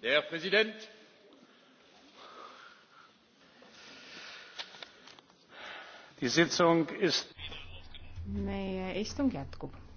herr präsident meie istung jätkub.